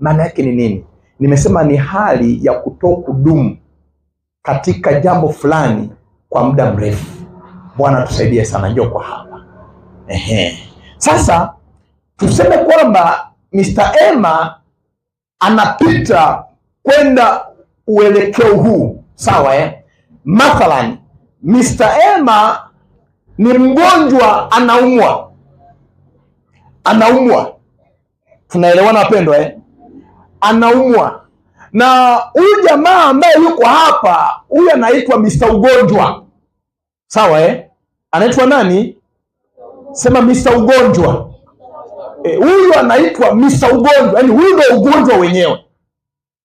Maana yake ni nini? Nimesema ni hali ya kudumu katika jambo fulani kwa muda mrefu. Bwana tusaidie sana, njoo kwa hapa. Ehe. Sasa tuseme kwamba Mr. Emma anapita kwenda uelekeo huu, sawa eh? Mathalan, Mr. Emma ni mgonjwa, anaumwa, anaumwa. Tunaelewana wapendwa eh? anaumwa na huyu jamaa ambaye yuko hapa, huyu anaitwa Mr. Ugonjwa, sawa eh? Anaitwa nani? Sema Mr. Ugonjwa. Eh, huyu e, anaitwa Mr. Ugonjwa, yaani huyu ndio ugonjwa wenyewe,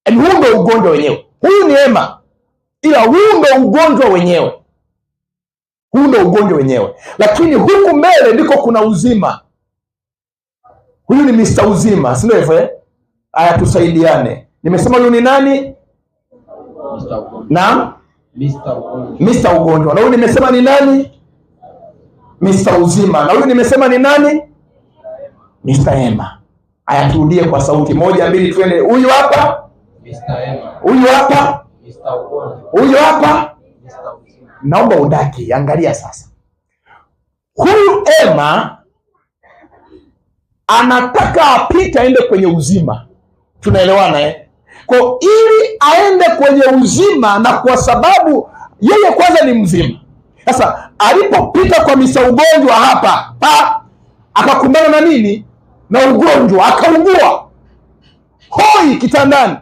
yaani huyu ndio ugonjwa wenyewe. Huyu ni Emma, ila huyu ndio ugonjwa wenyewe, huyu ndio ugonjwa wenyewe. Lakini huku mbele ndiko kuna uzima. Huyu ni Mr. Uzima, si ndio hivyo eh? ayatusaidiane tusaidiane. Nimesema huyu ni nani? Na Mr. ugonjwa. Na huyu nimesema ni nani? Mr. uzima. Na huyu nimesema ni nani? Mr. Ema. Aya, turudie kwa sauti moja, mbili, twende. Huyu hapa, huyu hapa, huyu hapa. Naomba udaki, angalia sasa, huyu Ema anataka apite aende kwenye uzima Tunaelewana eh? Kwa ili aende kwenye uzima, na kwa sababu yeye kwanza ni mzima. Sasa alipopita kwa misa ugonjwa hapa pa, akakumbana na nini? Na ugonjwa, akaugua hoi kitandani,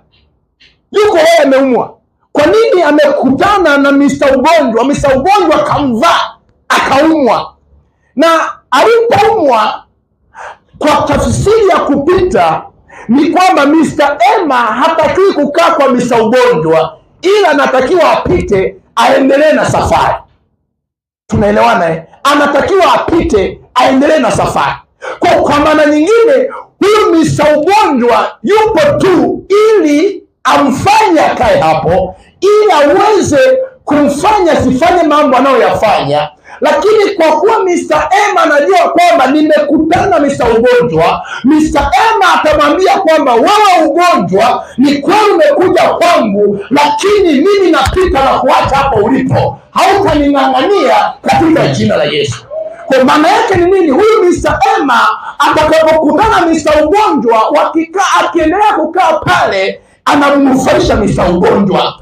yuko yeye ameumwa. Kwa nini amekutana na misa ugonjwa? Misa ugonjwa akamvaa, akaumwa, na alipoumwa kwa tafsiri ya kupita ni kwamba Mr. Emma hatakiwi kukaa kwa misa ugonjwa, ila anatakiwa apite aendelee na safari. Tunaelewana eh? Anatakiwa apite aendelee na safari. Kwa, kwa maana nyingine huyu misa ugonjwa yupo tu ili amfanye akae hapo, ili aweze kumfanya asifanye mambo anayoyafanya lakini kwa kuwa Mr. Emma anajua kwamba nimekutana Mr. ugonjwa, Mr. Emma atamwambia kwamba wewe ugonjwa ni kweli umekuja kwangu, lakini mimi napita na kuacha hapo ulipo, hautaning'ang'ania katika jina la Yesu. Kwa maana yake ni nini? Huyu Mr. Emma atakapokutana Mr. ugonjwa, wakikaa, akiendelea kukaa pale, anamnufaisha Mr. ugonjwa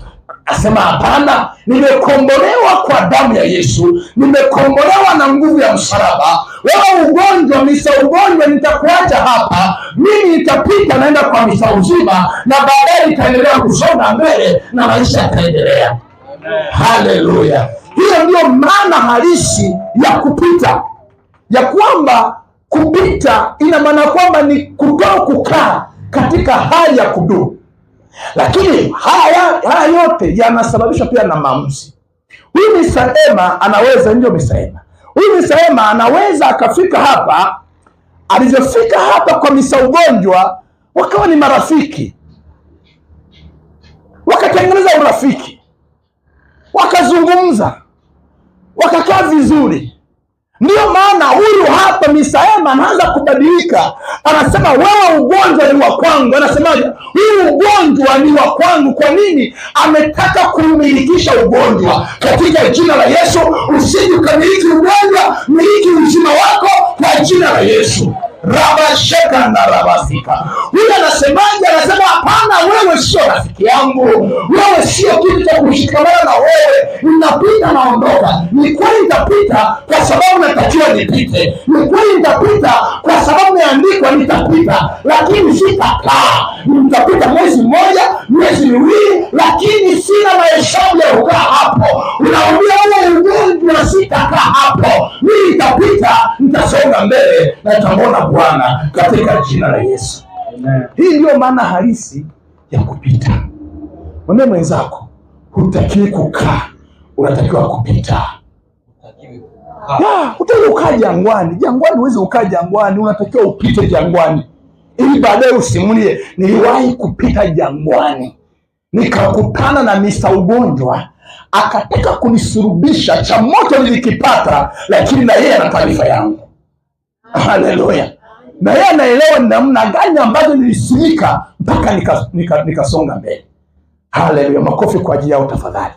Asema hapana, nimekombolewa kwa damu ya Yesu, nimekombolewa na nguvu ya msalaba. Wewe ugonjwa, misa ugonjwa, nitakuacha hapa, mimi nitapita, naenda kwa misa uzima, na baadaye nitaendelea kusonga mbele na maisha yataendelea. Haleluya! Hiyo ndiyo maana halisi ya kupita, ya kwamba kupita ina maana kwamba ni kutoa kukaa katika hali ya kudumu lakini haya haya yote yanasababishwa pia na maamuzi. Huyu misaema anaweza, ndio misaema huyu misaema anaweza akafika hapa, alivyofika hapa kwa misa ugonjwa, wakawa ni marafiki, wakatengeneza urafiki, wakazungumza, wakakaa vizuri Ndiyo maana huyu hapa Misaema anaanza kubadilika, anasema wewe, ugonjwa ni wa kwangu. Anasemaje? huyu ugonjwa ni wa kwangu. Kwa nini? Ametaka kuumilikisha ugonjwa. Katika jina la Yesu, usiji ukamiliki ugonjwa, miliki uzima wako kwa jina la Yesu. rabasheka na rabasika, huyu anasemaje? anasema hapana, wewe sio rafiki yangu, wewe sio kitu cha kushikamana na wewe. Ninapita naondoka. Ni kweli nitapita kwa sababu natakiwa nipite, ni kweli nitapita kwa sababu naandikwa nitapita, lakini sitakaa. Nitapita mwezi mmoja, miezi miwili, lakini sina mahesabu ya kukaa hapo. Unaambia ule ugonjwa, sitakaa hapo, mimi nitapita, nitasonga mbele na nitamwona Bwana katika jina la Yesu. Hii ndiyo maana halisi ya kupita. Mwambie mwenzako, hutakiwi kukaa, unatakiwa kupita. Hutakiwi kukaa jangwani. Jangwani huwezi ukaa jangwani, unatakiwa upite jangwani ili baadaye usimulie, niliwahi kupita jangwani nikakutana na misa ugonjwa akataka kunisurubisha. Cha moto nilikipata, lakini na yeye ana taarifa yangu. Ah. Haleluya! na yeye anaelewa ni namna gani ambazo nilisimika mpaka nikasonga nika, nika mbele. Haleluya! Makofi kwa ajili yao tafadhali.